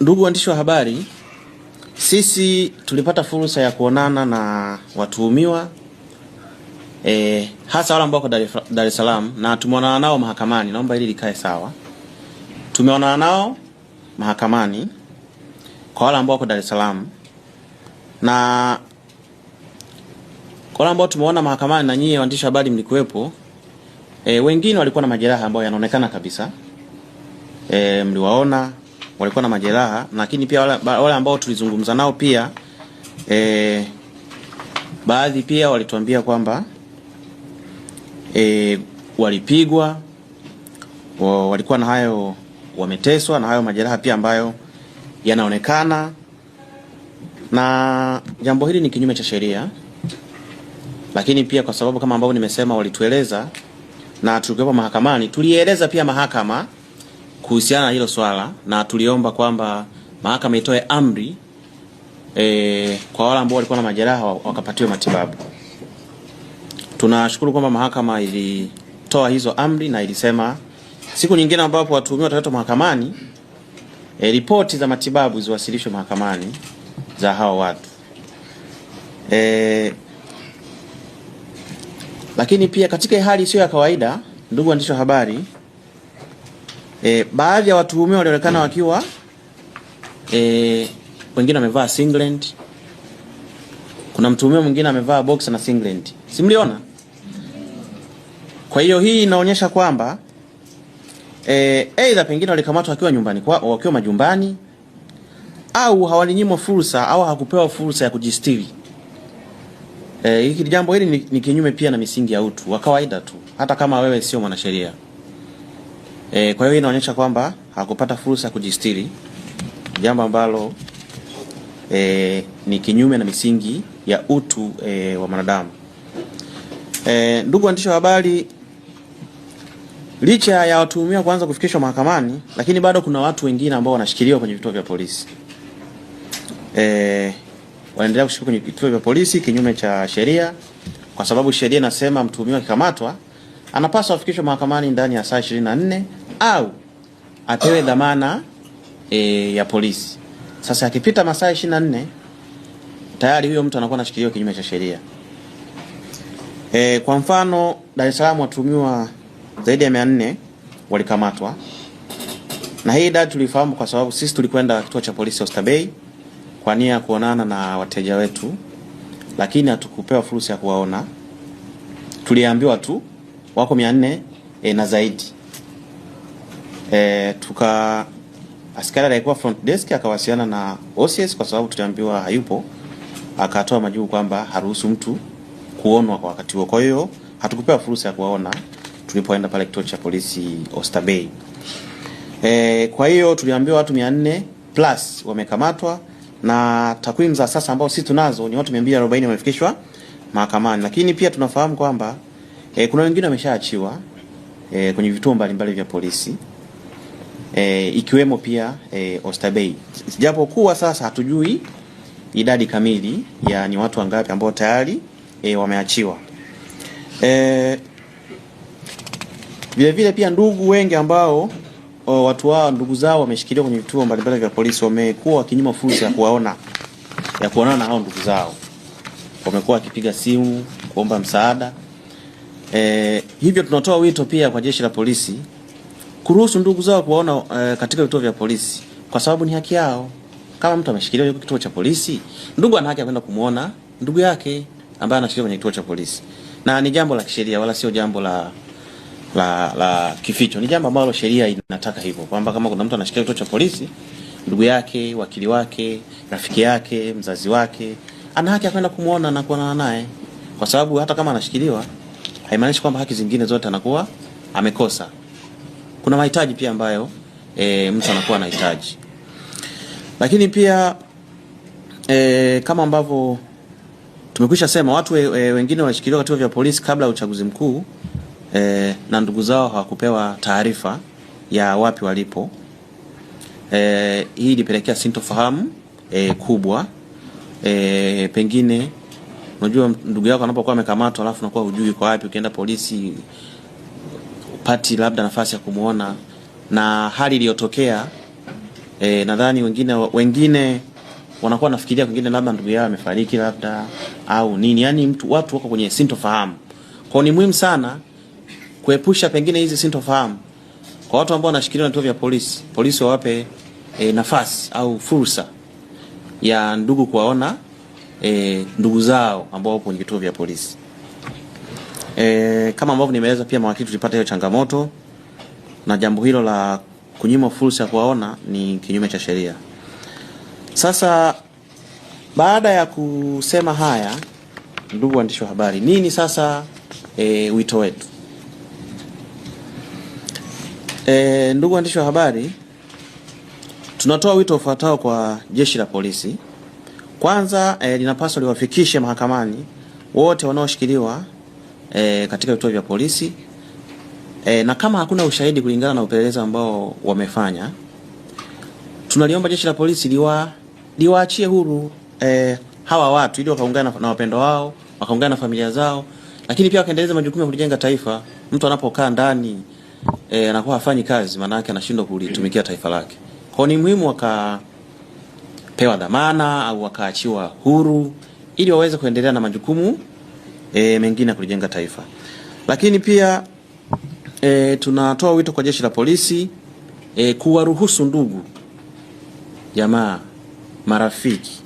Ndugu waandishi wa habari, sisi tulipata fursa ya kuonana na watuhumiwa e, hasa wale ambao wako Dar es Salaam na tumeonana nao mahakamani. Naomba hili likae sawa. Tumeonana nao mahakamani kwa wale ambao wako Dar es Salaam na kwa wale ambao tumeona mahakamani na nyie waandishi wa habari mlikuwepo. E, wengine walikuwa na majeraha ambayo yanaonekana kabisa. E, mliwaona walikuwa na majeraha, lakini pia wale, wale ambao tulizungumza nao pia e, baadhi pia walituambia kwamba e, walipigwa walikuwa na hayo, wameteswa na hayo majeraha pia ambayo yanaonekana, na jambo hili ni kinyume cha sheria. Lakini pia kwa sababu kama ambavyo nimesema, walitueleza na tulikuwa mahakamani, tulieleza pia mahakama kuhusiana na hilo swala, na tuliomba kwamba mahakama itoe amri e, kwa wale ambao walikuwa na majeraha wakapatiwe matibabu. Tunashukuru kwamba mahakama ilitoa hizo amri na ilisema siku nyingine ambapo watuhumiwa wataletwa mahakamani e, ripoti za matibabu ziwasilishwe mahakamani za hao watu e, lakini pia katika hali isiyo ya kawaida, ndugu waandishi wa habari E, baadhi ya watuhumiwa walionekana wakiwa e, wengine wamevaa singlet. Kuna mtuhumiwa mwingine amevaa box na singlet. Simliona? Kwa hiyo hii inaonyesha kwamba eh, aidha pengine walikamatwa wakiwa nyumbani kwa wakiwa majumbani au hawalinyimwa fursa au hakupewa fursa ya kujistiri. Eh, hiki jambo hili ni, ni kinyume pia na misingi ya utu wa kawaida tu hata kama wewe sio mwanasheria. E, kwa hiyo inaonyesha kwamba hakupata fursa ya kujistiri, jambo ambalo e, ni kinyume na misingi ya utu e, wa mwanadamu. E, ndugu waandishi wa habari, licha ya watuhumiwa kuanza kufikishwa mahakamani, lakini bado kuna watu wengine ambao wanashikiliwa kwenye vituo vya polisi e, wanaendelea kushikiliwa kwenye vituo vya polisi kinyume cha sheria, kwa sababu sheria inasema mtuhumiwa akikamatwa anapaswa afikishwe mahakamani ndani ya saa 24 au apewe dhamana e, ya polisi. Sasa akipita masaa nne tayari huyo mtu anakuwa anashikiliwa kinyume cha sheria. E, kwa mfano Dar es Salaam watumiwa zaidi ya 400 walikamatwa, na hii idadi tulifahamu kwa sababu sisi tulikwenda kituo cha polisi Oysterbay kwa nia ya kuonana na wateja wetu, lakini hatukupewa fursa ya kuwaona. Tuliambiwa tu wako 400 e, na zaidi. E, tuka askari alikuwa front desk akawasiliana na OCS kwa sababu tuliambiwa hayupo, akatoa majibu kwamba haruhusu mtu kuonwa kwa wakati huo. Kwa hiyo hatukupewa fursa ya kuwaona tulipoenda pale kituo cha polisi Bay. E, kwa hiyo tuliambiwa watu 400 plus wamekamatwa na takwimu za sasa ambao sisi tunazo ni watu 240 wamefikishwa mahakamani, lakini pia tunafahamu kwamba e, kuna wengine wameshaachiwa e, kwenye vituo mbalimbali vya polisi e, ikiwemo pia e, eh, Japo japokuwa sasa hatujui idadi kamili ya ni watu wangapi ambao tayari e, wameachiwa e, vile vile pia ndugu wengi ambao o, watu wao ndugu zao wameshikiliwa kwenye vituo mbalimbali vya polisi wamekuwa wakinyima fursa ya kuwaona ya kuonana na hao ndugu zao, wamekuwa wakipiga simu kuomba msaada e, hivyo tunatoa wito pia kwa jeshi la polisi kuruhusu ndugu zao kuwaona e, katika vituo vya polisi kwa sababu ni haki yao. Kama mtu ameshikiliwa yuko kituo cha polisi, ndugu ana haki ya kwenda kumuona ndugu yake ambaye anashikiliwa kwenye kituo cha polisi, na ni jambo la kisheria, wala sio jambo la la, la kificho. Ni jambo ambalo sheria inataka hivyo kwamba kama kuna mtu anashikiliwa kituo cha polisi, ndugu yake, wakili wake, rafiki yake, mzazi wake ana haki ya kwenda kumuona na kuonana naye, kwa sababu hata kama anashikiliwa haimaanishi kwamba haki zingine zote anakuwa amekosa kuna mahitaji pia ambayo e, mtu anakuwa anahitaji, lakini pia e, kama ambavyo tumekwisha sema watu e, e, wengine wanashikiliwa katika vya polisi kabla ya uchaguzi mkuu e, na ndugu zao hawakupewa taarifa ya wapi walipo. E, hii ilipelekea sintofahamu e, kubwa e, pengine unajua ndugu yako anapokuwa amekamatwa alafu unakuwa hujui kwa wapi, ukienda polisi hapati labda nafasi ya kumwona na hali iliyotokea e, nadhani wengine wengine wanakuwa nafikiria kwingine labda ndugu yao amefariki labda au nini, yani mtu watu wako kwenye sintofahamu. Kwa ni muhimu sana kuepusha pengine hizi sintofahamu kwa watu ambao wanashikiliwa na vituo vya polisi. Polisi wawape e, nafasi au fursa ya ndugu kuwaona e, ndugu zao ambao wapo kwenye vituo vya polisi. E, kama ambavyo nimeeleza pia mawakili tulipata hiyo changamoto, na jambo hilo la kunyimwa fursa ya kuwaona ni kinyume cha sheria. Sasa baada ya kusema haya, ndugu waandishi wa habari, nini sasa e, wito wetu? E, ndugu waandishi wa habari, tunatoa wito ufuatao kwa jeshi la polisi. Kwanza e, linapaswa liwafikishe mahakamani wote wanaoshikiliwa e, katika vituo vya polisi e, na kama hakuna ushahidi kulingana na upelelezi ambao wamefanya, tunaliomba jeshi la polisi liwa liwaachie huru e, hawa watu ili wakaungana na wapendo wao, wakaungana na familia zao, lakini pia wakaendeleza majukumu ya kulijenga taifa. Mtu anapokaa ndani e, anakuwa hafanyi kazi, maana yake anashindwa kulitumikia taifa lake. Kwa ni muhimu wakapewa dhamana au wakaachiwa huru ili waweze kuendelea na majukumu e, mengine ya kulijenga taifa. Lakini pia e, tunatoa wito kwa jeshi la polisi e, kuwaruhusu ndugu, jamaa, marafiki,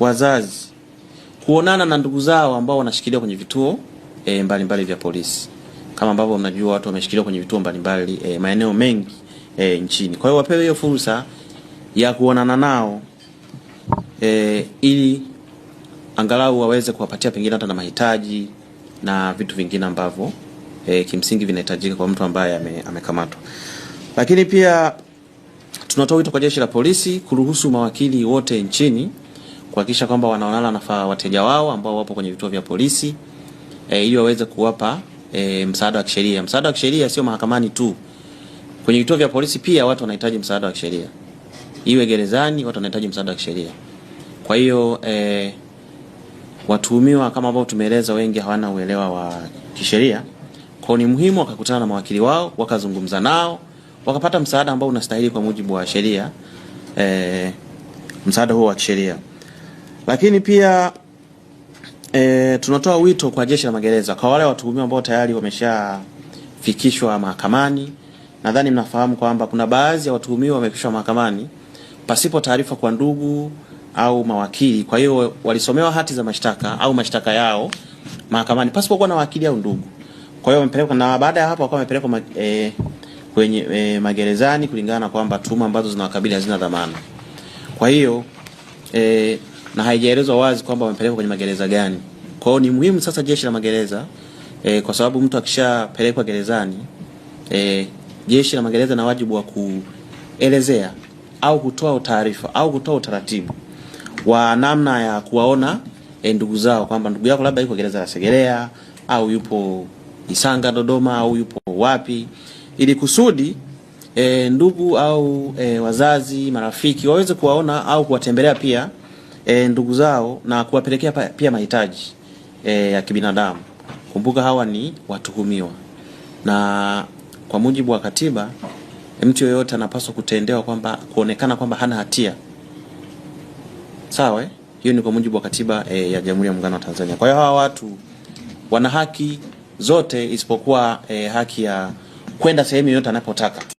wazazi kuonana na ndugu zao ambao wanashikiliwa kwenye vituo e, mbalimbali vya polisi. Kama ambavyo mnajua watu wameshikiliwa kwenye vituo mbalimbali e, maeneo mengi e, nchini. Kwa hiyo wapewe hiyo fursa ya kuonana nao e, ili angalau waweze kuwapatia pengine hata na mahitaji na vitu vingine ambavyo e, kimsingi vinahitajika kwa mtu ambaye ame, amekamatwa. Lakini pia tunatoa wito kwa jeshi la polisi kuruhusu mawakili wote nchini kuhakikisha kwamba wanaonana na wateja wao ambao wapo kwenye vituo vya polisi e, ili waweze kuwapa e, msaada wa kisheria. Msaada wa kisheria sio mahakamani tu, kwenye vituo vya polisi pia watu wanahitaji msaada wa kisheria, iwe gerezani, watu wanahitaji msaada wa kisheria. Kwa hiyo e, Watuhumiwa kama ambao tumeeleza, wengi hawana uelewa wa kisheria, kwao ni muhimu wakakutana na mawakili wao, wakazungumza nao, wakapata msaada ambao unastahili kwa mujibu wa sheria e, msaada huo wa kisheria. Lakini pia e, tunatoa wito kwa jeshi la magereza kwa wale watuhumiwa ambao tayari wameshafikishwa mahakamani. Nadhani mnafahamu kwamba kuna baadhi ya watuhumiwa wamefikishwa mahakamani pasipo taarifa kwa ndugu au mawakili. Kwa hiyo walisomewa hati za mashtaka au mashtaka yao mahakamani pasipo kuwa na wakili au ndugu. Kwa hiyo wamepelekwa, na baada ya hapo wakawa wamepelekwa ma, e, kwenye e, magerezani kulingana na kwamba tuhuma ambazo zinawakabili hazina dhamana. Kwa hiyo e, na haijaelezwa wazi kwamba wamepelekwa kwenye magereza gani. Kwa hiyo ni muhimu sasa jeshi la magereza e, kwa sababu mtu akishapelekwa gerezani e, jeshi la magereza na wajibu wa kuelezea au kutoa taarifa au kutoa utaratibu wa namna ya kuwaona e, ndugu zao kwamba ndugu yako labda yuko gereza la Segerea au yupo Isanga Dodoma au yupo wapi, ili kusudi e, ndugu au e, wazazi marafiki waweze kuwaona au kuwatembelea pia e, ndugu zao na kuwapelekea pia mahitaji e, ya kibinadamu. Kumbuka hawa ni watuhumiwa, na kwa mujibu wa katiba mtu yoyote anapaswa kutendewa kwamba kuonekana kwamba hana hatia Sawa eh? Hiyo ni kwa mujibu wa katiba eh, ya Jamhuri ya Muungano wa Tanzania. Kwa hiyo hawa watu wana haki zote isipokuwa eh, haki ya kwenda sehemu yoyote anapotaka.